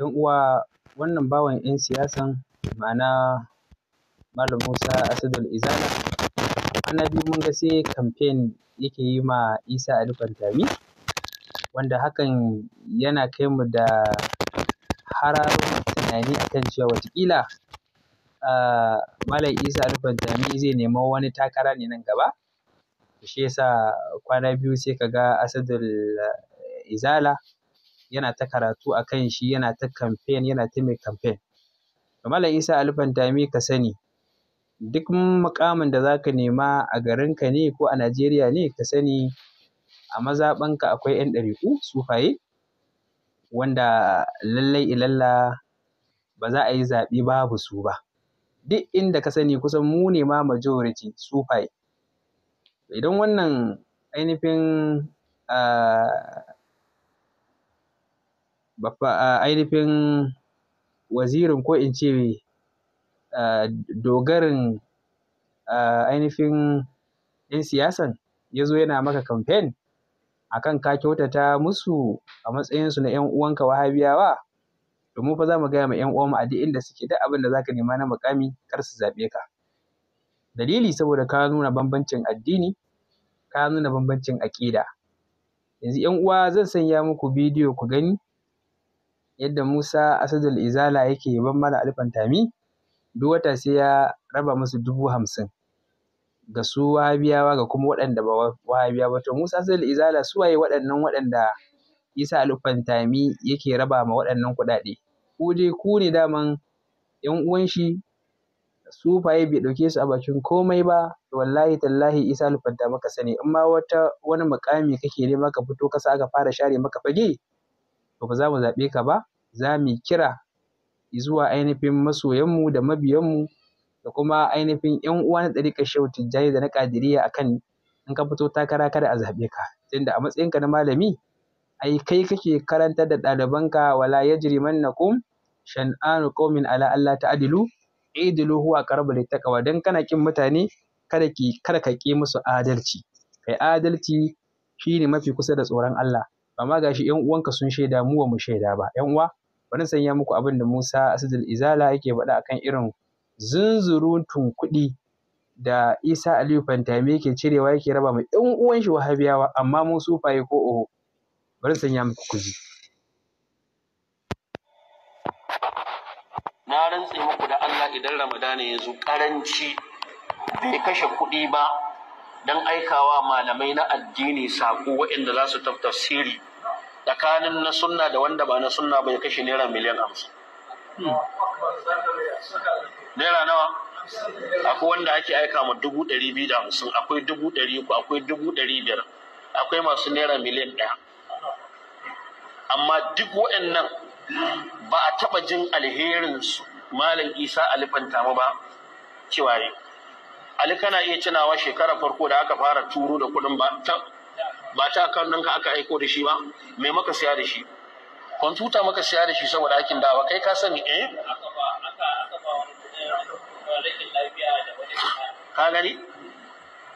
Yan uwa wannan bawan 'yan siyasan ma'ana Malam Musa Asadul Izala, kwana biyu mun ga sai kamfen yake yi ma Isa Ali Fantami, wanda hakan yana kai mu da hararo tunani a kan cewa wataƙila ah, Malam Isa Ali Fantami zai nemo wani takara ne nan gaba, shi ya kwana biyu sai ka ga Asadul Izala. yana ta karatu a kan shi yana ta campaign yana ta mai campaign kamala isa dami ka sani duk mukamin da zaka nema a garin ka ne ko a najeriya ne ka sani a mazaɓanka akwai 'yan ɗariƙu sufaye wanda lallai ilalla ba za a yi zaɓe babu su ba duk inda ka sani kusan mu ne ma majority sufaye idan wannan ainihin ah, ainihin wazirin ko in ce dogarin ainihin 'yan siyasan ya zo yana maka kamfen A kan ka kyautata musu a matsayinsu na 'yan uwanka wahabiyawa domin fa za mu gaya ma 'yan uwanmu a da inda suke da abin da za ka nema na mukami kar su zaɓe ka dalili saboda ka nuna bambancin addini ka nuna bambancin aƙida yanzu 'yan uwa zan sanya muku bidiyo ku gani yadda Musa Asadul Izala yake yaban Malam Ali duk wata sai ya raba musu dubu hamsin ga su wahabiyawa ga kuma waɗanda ba wahabiya ba to Musa Asadul Izala su waye waɗannan waɗanda Isa Ali yake raba ma waɗannan kuɗaɗe ku dai ku ne daman ƴan uwan shi sufaye bai ɗauke su a bakin komai ba wallahi tallahi isa lufanta ka sani in ma wata wani mukami kake nema ka fito kasa aka fara share maka fage to ba za mu zaɓe ka ba za mu kira zuwa ainihin masoyanmu da mabiyanmu da kuma ainihin yan uwa na ɗariƙar shehu tijjani da na ƙadiriya akan in ka fito takara kada a zaɓe ka tunda a matsayinka na malami ai kai kake karantar da ɗalibanka wala yajrimannakum shan'anu qaumin ala allah ta'dilu idilu huwa aqrabu taqwa dan kana kin mutane kada ki karkake ka ke musu adalci kai adalci shine mafi kusa da tsoron Allah amma gashi ƴan uwanka sun shaida mu ba mu shaida ba 'yan uwa bari sanya muku abin da Musa Asadul Izala yake faɗa akan irin zunzurutun kuɗi da Isa Aliyu Fantami yake cirewa yake raba ma ƴan uwan shi Wahabiyawa amma mu sufaye ko oho bari sanya muku kuji na rantse muku da Allah idan Ramadana ya zo karanci bai kashe kuɗi ba don aikawa malamai na addini saƙo waɗanda za su tafsiri tsakanin na sunna da wanda ba na sunna ba ya kashe naira miliyan hamsin naira nawa akwai wanda ake aika ma dubu ɗari biyu da hamsin akwai dubu ɗari uku akwai dubu ɗari biyar akwai masu naira miliyan ɗaya amma duk waɗannan ba a taɓa jin alherinsu malam isa alifanta mu ba cewa Ali kana iya tunawa shekara farko da aka fara turo da kuɗin ba ba ta kan nan ka aka aiko da shi ba me maka siya da shi kwamfuta maka siya da shi saboda aikin dawa kai ka sani eh ka gani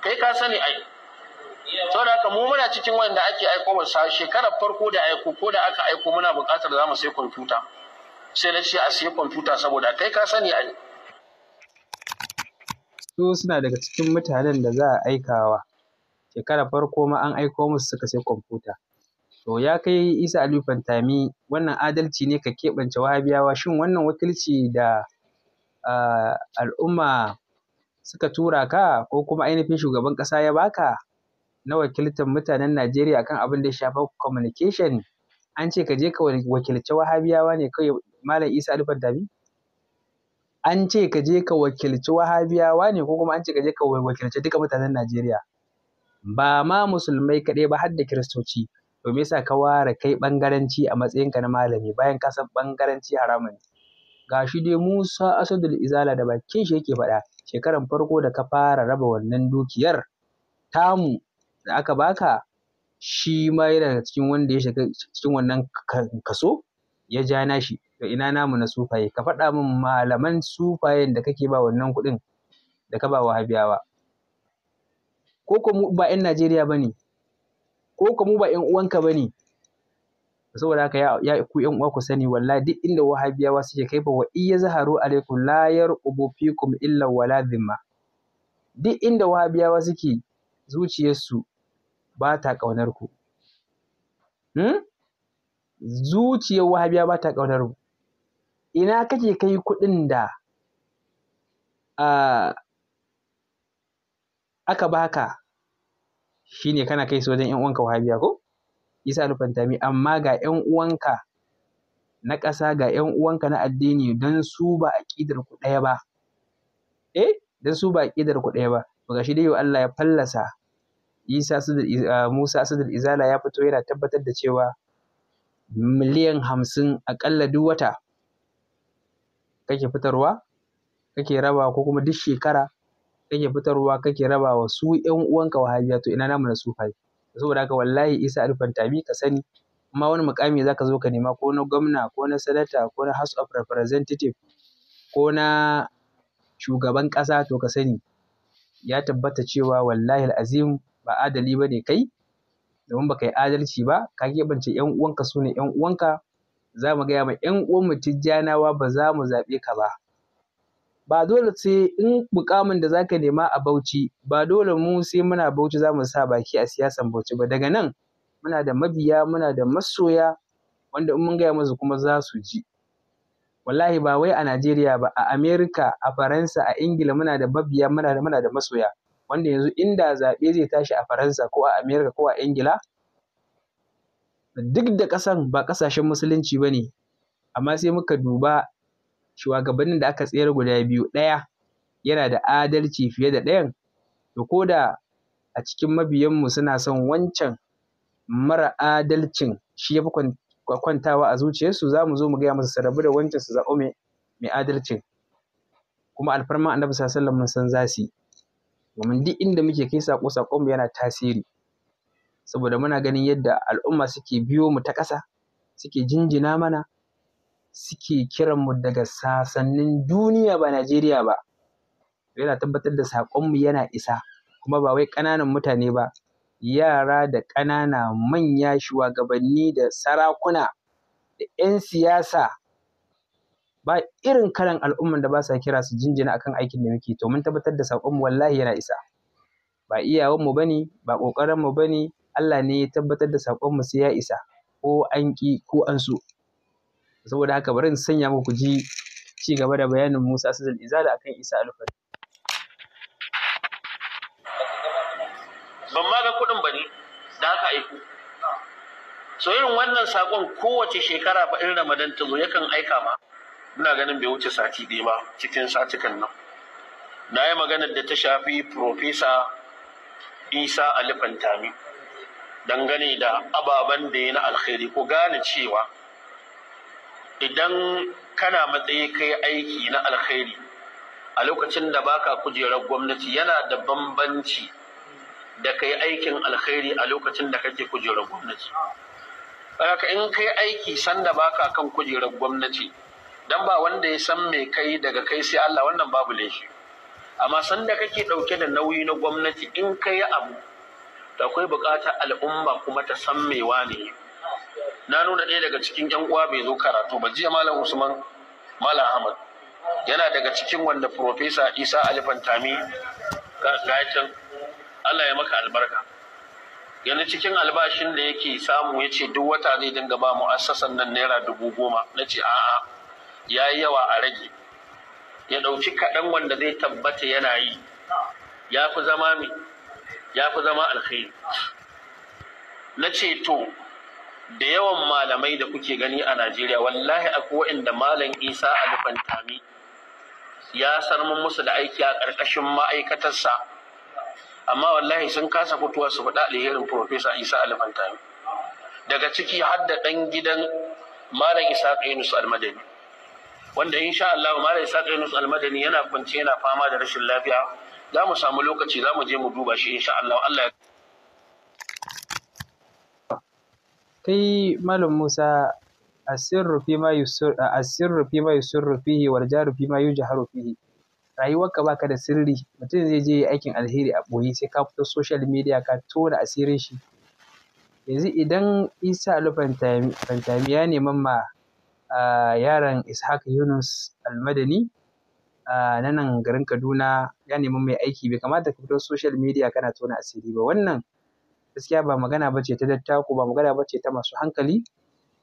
kai ka sani ai saboda haka mu muna cikin wanda ake aiko ba sa shekarar farko da aiko ko da aka aiko muna buƙatar za mu sai kwamfuta sai na ce a sai kwamfuta saboda kai ka sani ai su suna daga cikin mutanen da za a aikawa shekarar farko ma an aiko musu suka sai kwamfuta to ya kai isa aliyu fantami wannan adalci ne ka keɓance wahabiyawa shin wannan wakilci da al'umma suka tura ka ko kuma ainihin shugaban ƙasa ya baka na wakiltar mutanen najeriya kan abin da ya shafa communication an ce ka je ka wakilci wahabiyawa ne kai malam isa aliyu fantami an ce ka je ka wakilci wahabiyawa ne ko kuma an ce ka je ka wakilci duka mutanen najeriya ba ma musulmai kaɗai ba har da kiristoci to me yasa ka ware kai ɓangaranci a matsayinka na malami bayan ka san bangaranci haramun ga shi dai Musa Asadul Izala da bakin shi yake faɗa shekaran farko da ka fara raba wannan dukiyar tamu da aka baka shi ma yana daga cikin wanda ya shiga cikin wannan kaso ya ja nashi to ina namu na sufaye ka faɗa min malaman sufayen da kake ba wannan kuɗin da ka ba wahabiyawa ko ko mu ba 'yan Najeriya ba ne ko ko mu ba 'yan uwanka ba ne saboda haka ya ku 'yan uwa ku sani wallahi duk inda wahabiyawa suke kai fa wa iya zaharu alaikum la yarqubu fikum illa wala dhimma duk inda wahabiyawa suke zuciyarsu ba ta kaunar ku hmm? zuciyar wahabiya ba ta kaunar mu ina kake kai kuɗin da ah, aka baka shine kana kai su wajen yan uwanka wahabiya ko isa alfantami amma ga yan uwanka na ƙasa ga yan uwanka na addini don su ba aqidar ku ɗaya ba eh don su ba aqidar ku ɗaya ba to gashi dai Allah ya fallasa Isa ah, Musa Asudul Izala ya fito yana tabbatar da cewa miliyan hamsin aƙalla duk wata kake fitarwa kake raba ko kuma duk shekara kake fitarwa kake rabawa su ƴan uwanka wahabiya to ina namu na sufaye saboda haka wallahi isa alfantami ka sani amma wani mukami zaka zo ka nema ko na gwamna ko na sanata ko na house of representative ko na shugaban ƙasa to ka sani ya tabbata cewa wallahi azim ba adali ba ne kai domin baka yi adalci ba ka keɓance ƴan uwanka su ne ƴan uwanka za mu gaya ma ƴan mu tijjanawa ba za mu zaɓe ka ba ba dole sai in mukamin da zaka nema a Bauchi ba dole mu sai muna Bauchi za mu sa baki a siyasan Bauchi ba daga nan muna da mabiya muna da masoya wanda in mun gaya musu kuma za su ji wallahi ba wai a Najeriya ba a Amerika a Faransa a Ingila muna da mabiya muna da muna da masoya wanda yanzu inda zaɓe zai tashi a Faransa ko a Amerika ko a Ingila duk da ƙasan ba ƙasashen musulunci ba ne amma sai muka duba Shuwagabannin da aka tsayar guda biyu ɗaya yana da adalci fiye da ɗayan to ko da a cikin mabiyanmu suna son wancan mara adalcin shi ya fi kwantawa a zuciyarsu za mu zo mu gaya musu su rabu da wancan su zaɓo mai adalcin kuma alfarma annabi sallallahu mun san za yi domin duk inda muke kai sako sakon mu yana tasiri saboda muna ganin yadda al'umma suke biyo mu ta ƙasa suke jinjina mana suke kiranmu daga sasannin duniya ba Najeriya ba. Yana tabbatar da saƙonmu yana isa, kuma ba wai ƙananan mutane ba, yara da ƙanana manya shugabanni da sarakuna da 'yan siyasa ba irin kalan al'umman da ba sa kira su jinjina akan aikin da muke to mun tabbatar da saƙonmu wallahi yana isa ba iyawanmu ba ne ba ƙoƙarinmu ba ne Allah ne ya tabbatar da saƙonmu sai ya isa ko an ƙi ko an so. saboda haka bari in sanya muku ji ci gaba da bayanin Musa Asad Izala akan Isa Alfari ban ma ga kuɗin ba ne da aka aiko so irin wannan sakon kowace shekara ba in Ramadan ta zo yakan aika ma Ina ganin bai wuce sati ɗaya ba cikin satukan nan na yi maganar da ta shafi Profesa Isa Alifantami dangane da ababen da ya na alkhairi ko gane cewa idan kana matsayi kai aiki na alkhairi a lokacin da baka kujerar gwamnati yana da bambanci da kai aikin alkhairi a lokacin da kake kujerar gwamnati haka in kai aiki sanda baka kan kujerar gwamnati dan ba wanda ya san me kai daga kai sai Allah wannan babu laifi amma sanda kake dauke da nauyi na gwamnati in kai abu akwai bukatar al'umma kuma ta san me wane ne na nuna ɗaya daga cikin yan uwa bai zo karatu ba jiya malam usman malam ahmad yana daga cikin wanda profesa isa alifantami gacin allah ya maka albarka yanzu cikin albashin da yake samu ya ce duk wata zai dinga ba mu'assasan nan naira dubu goma na ce a'a ya yi yawa a rage ya ɗauki kaɗan wanda zai tabbata yana yi ya fi zama mi ya fi zama alkhairi na ce to da yawan malamai da kuke gani a Najeriya wallahi akwai waɗanda malam Isa Alfantami ya san mun musu da aiki a ƙarƙashin ma'aikatarsa amma wallahi sun kasa fitowa su faɗa alherin Profesa Isa Alfantami daga ciki har da ɗan gidan malam Isa Yunus Almadani wanda insha Allah malam Isa Yunus Almadani yana kwance yana fama da rashin lafiya za mu samu lokaci za mu je mu duba shi insha Allah Allah ya Kai Malam Musa asirru fi ma yusir asirru fi ma yusirru fihi wal jaru fi ma yujharu fihi. Rayuwarka baka da sirri mutum zai je aikin alheri a ɓoye sai ka fito social media ka tona asirin shi. Yanzu idan Isa Ali Fantami ya neman ma yaran Ishaq Yunus Almadani na nan garin Kaduna ya neman mai aiki bai kamata ka fito social media kana tona asiri ba wannan gaskiya ba magana bace ta dattako ba magana bace ta masu hankali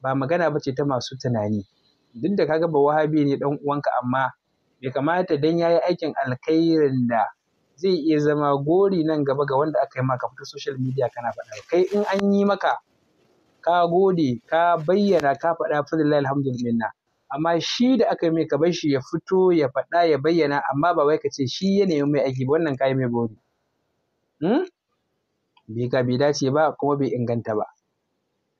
ba magana bace ta masu tunani duk da kaga ba wahabi ne dan uwanka amma bai kamata dan yayi aikin alkhairin da zai iya zama gori nan gaba ga wanda aka yi maka fito social media kana faɗa kai in an yi maka ka gode ka bayyana ka faɗa fadillahi alhamdulillah amma shi da aka yi mai ka bar shi ya fito ya faɗa ya bayyana amma ba wai ka ce shi ya nemi mai aiki ba wannan kai mai gori hmm? bai ka bai dace ba kuma bai inganta ba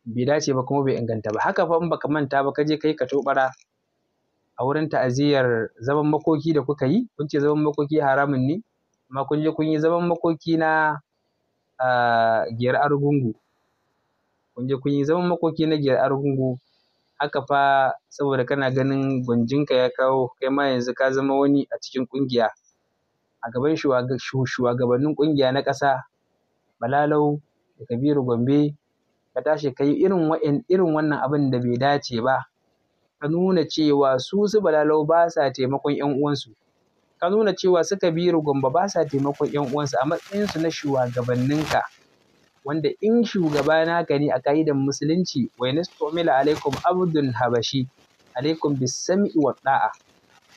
bai dace ba kuma bai inganta ba haka fa in baka manta ba ka je kai ka tobara a wurin ta'aziyar zaman makoki da kuka yi kun ce zaman makoki haramun ne amma kun je kun yi zaman makoki na giyar argungu kun je kun yi zaman makoki na giyar argungu haka fa saboda kana ganin gwanjinka ya kawo kai ma yanzu ka zama wani a cikin kungiya a gaban shugabannin kungiya na ƙasa balalau da kabiru gombe ka tashi ka yi irin irin wannan abin da bai dace ba ka nuna cewa su su balalau ba sa taimakon yan uwansu ka nuna cewa su kabiru gombe ba sa taimakon yan uwansu a matsayinsu na shugabanninka wanda in shugaba naka ne a ka'idan musulunci wa yastumila alaikum abdun habashi alaikum bisam'i wa da'a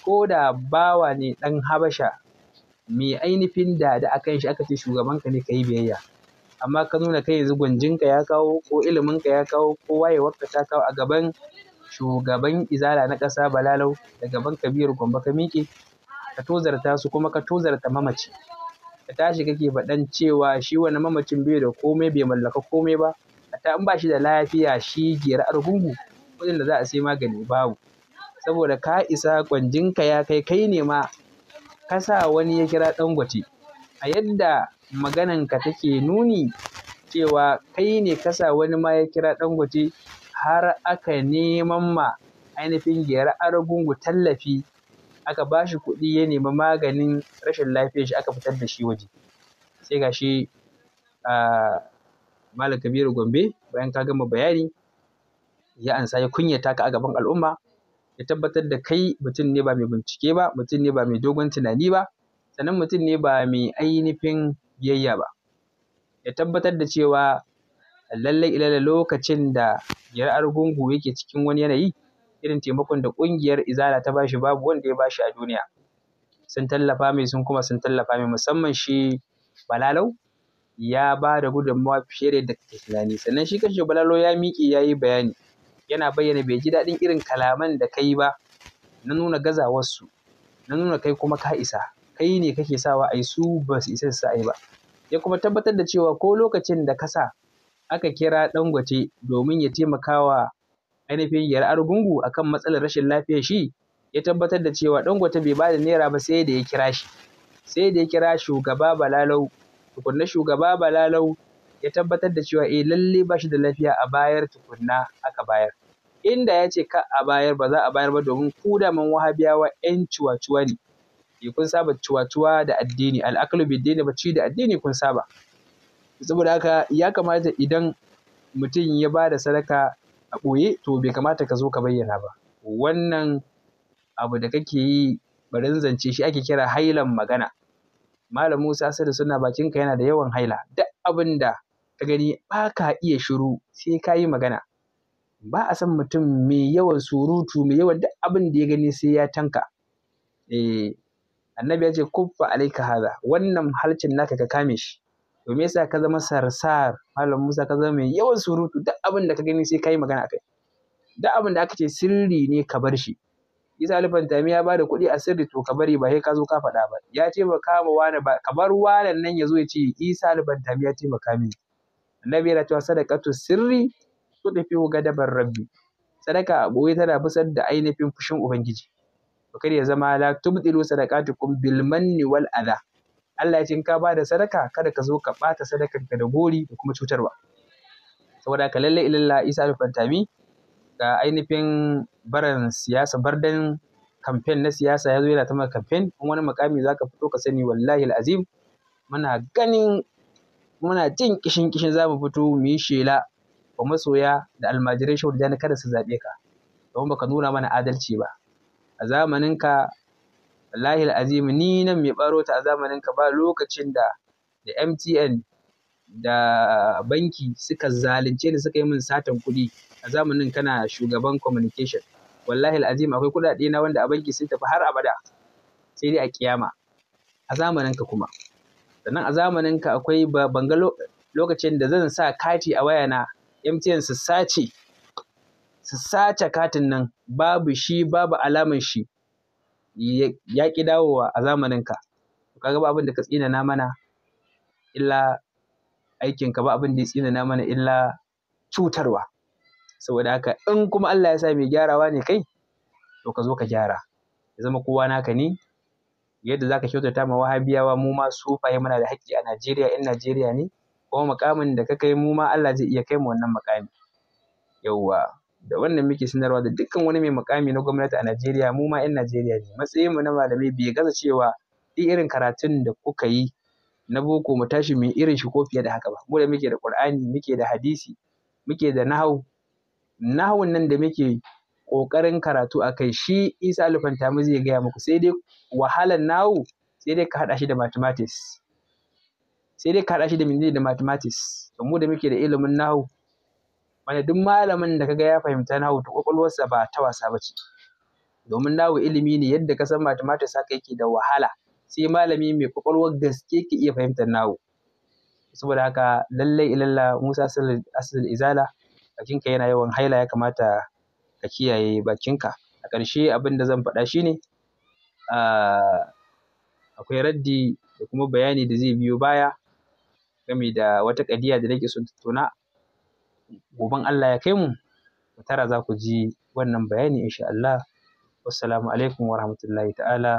ko da bawa ne ɗan habasha mai ainihin da da akan shi aka ce shugabanka ne ka yi biyayya amma ka nuna kai yanzu gwanjinka ya kawo ko iliminka ya kawo ko wayewarka ta kawo a gaban shugaban izala na ƙasa balalau da gaban kabir gombe ka miƙe ka tozarta su kuma ka tozarta mamaci ka tashi kake faɗan cewa shi wani mamacin bai da komai bai mallaka komai ba a in ba shi da lafiya shi giyar argungu kuɗin da za a sai magani babu saboda ka isa gwanjinka ya kai kai ne ma ka sa wani ya kira Dangote? a yadda magananka take nuni cewa kai ne kasa wani ma ya kira dangote har aka neman ma ainihin gyara argungu tallafi aka ba shi kuɗi ya nemi maganin rashin lafiyar shi aka fitar da shi waje sai ga shi malam kabiru gombe bayan ka gama bayani ya ansa ya kunyata ka a gaban al'umma ya tabbatar da kai mutum ne ba mai bincike ba mutum ne ba mai dogon tunani ba sannan mutum ne ba mai ainihin biyayya ba ya tabbatar da cewa lallai ilalla lokacin da yar gungu yake cikin wani yanayi irin taimakon da ƙungiyar izala ta bashi babu wanda ya bashi a duniya sun tallafa mai sun kuma sun tallafa mai musamman shi balalau ya ba da gudunmawa fiye da yadda kake tunani sannan shi kanshi balalo ya miƙe ya yi bayani yana bayyana bai ji daɗin irin kalaman da kai ba na nuna gazawarsu na nuna kai kuma ka isa kai ne kake sawa a yi su ba su isa su a yi ba ya kuma tabbatar da cewa ko lokacin da ka sa aka kira dangote domin ya taimakawa ainihin yar argungu akan matsalar rashin lafiyar shi ya tabbatar da cewa dangote bai ba da naira ba sai da ya kira shi sai da ya kira shugaba balalau tukunna shugaba balalau ya tabbatar da cewa e, lalle ba shi da lafiya a bayar tukunna aka bayar inda ya ce ka a bayar ba za a bayar ba domin ku wahabiyawa 'yan cuwa-cuwa ne addini kun saba cuwa-cuwa da addini al'akalu biddini bacci da addini kun saba saboda haka ya kamata idan mutum ya ba da sadaka a ɓoye to bai kamata ka zo ka bayyana ba wannan abu da kake yi barin zance shi ake kira hailan magana malam Musa Asadu suna ka yana da yawan haila duk abin da ka gani ba ka iya shiru sai ka yi magana ba a san mutum mai yawan surutu mai yawan duk abin da ya gani sai ya tanka eh annabi ya ce kuffa alaika hada wannan halcin naka ka kame shi Domin me yasa ka zama sarsar malam Musa ka zama mai yawan surutu duk abin da ka gani sai kai magana akai duk abin da aka ce sirri ne ka bar shi isa alifan tami ya bada kuɗi a sirri to ka bari ba sai ka zo ka faɗa ba ya ce ba kama wani ba ka bar wani nan ya zo ya ce isa alifan tami ya ce taimaka mini annabi yana cewa sadaqatu sirri tudfi'u gadabar rabbi sadaka a tana fusar da ainihin fushin ubangiji kar ya zama la tubdilu sadaqatukum bil manni wal adha Allah ya ce in ka bada sadaka kada ka zo ka bata sadakar ka da gori da kuma cutarwa saboda ka lalle ilalla Isa Alfantami ga ainihin baran siyasa bardan kamfen na siyasa ya zo yana ta kamfen in wani makami zaka fito ka sani wallahi azim muna ganin muna jin kishin kishin za mu fito mu yi shela wa masoya da almajirai shaudu da kada su zaɓe ka don baka nuna mana adalci ba a zamaninka wallahi azim ni nan mai ɓarota ta a ka ba lokacin da da MTN da banki suka zalunce ni suka yi min satan kuɗi a zamanin kana shugaban communication wallahi azim akwai kuɗaɗe na wanda a banki sun tafi har abada sai dai a kiyama a zamaninka kuma sannan a zamaninka akwai bangalo lokacin da zan sa kati a wayana MTN su sace su sace katin nan babu shi babu alamar shi ya ƙi dawowa a zamaninka kaga ba abin da ka tsinana mana illa aikinka ba abin da ya tsinana mana illa cutarwa saboda haka in kuma Allah ya sa mai gyarawa ne kai to ka zo ka gyara ya zama kowa naka ne yadda zaka kyautata ma wahabiyawa mu ma su fahimta muna da haƙƙi a Najeriya in Najeriya ne kuma mukamin da ka kai mu ma Allah zai iya kai mu wannan mukami yauwa da wannan muke sanarwa da dukkan wani mai mukami na gwamnati a Najeriya mu ma 'yan Najeriya ne matsayin mu na malamai bai gaza cewa duk irin karatun da kuka yi na boko mu tashi mu irin shi ko fiye da haka ba mu da muke da Qur'ani muke da hadisi muke da nahau nahawun nan da muke ƙoƙarin karatu a kai shi Isa Alfanta mu zai gaya muku sai dai wahalan nawu sai dai ka haɗa shi da mathematics sai dai ka haɗa shi da menene da mathematics to mu da muke da ilimin nahu wanda duk malamin da kaga ya fahimta nahu to kwakwalwarsa ba ta wasa ba ce domin nahu ilimi ne yadda ka san mathematics haka yake da wahala sai malami mai kwakwalwar gaske ke iya fahimtar nahu saboda haka lallai ilallah Musa asalin izala bakinka yana yawan haila ya kamata ka kiyaye bakinka a ƙarshe abin da zan faɗa shi ne, akwai raddi da kuma bayani da zai biyo baya game da wata ƙadiya da nake son tattauna goben Allah ya kai mu ku tara za ku ji wannan bayani insha Allah wassalamu alaikum warahmatullahi ta'ala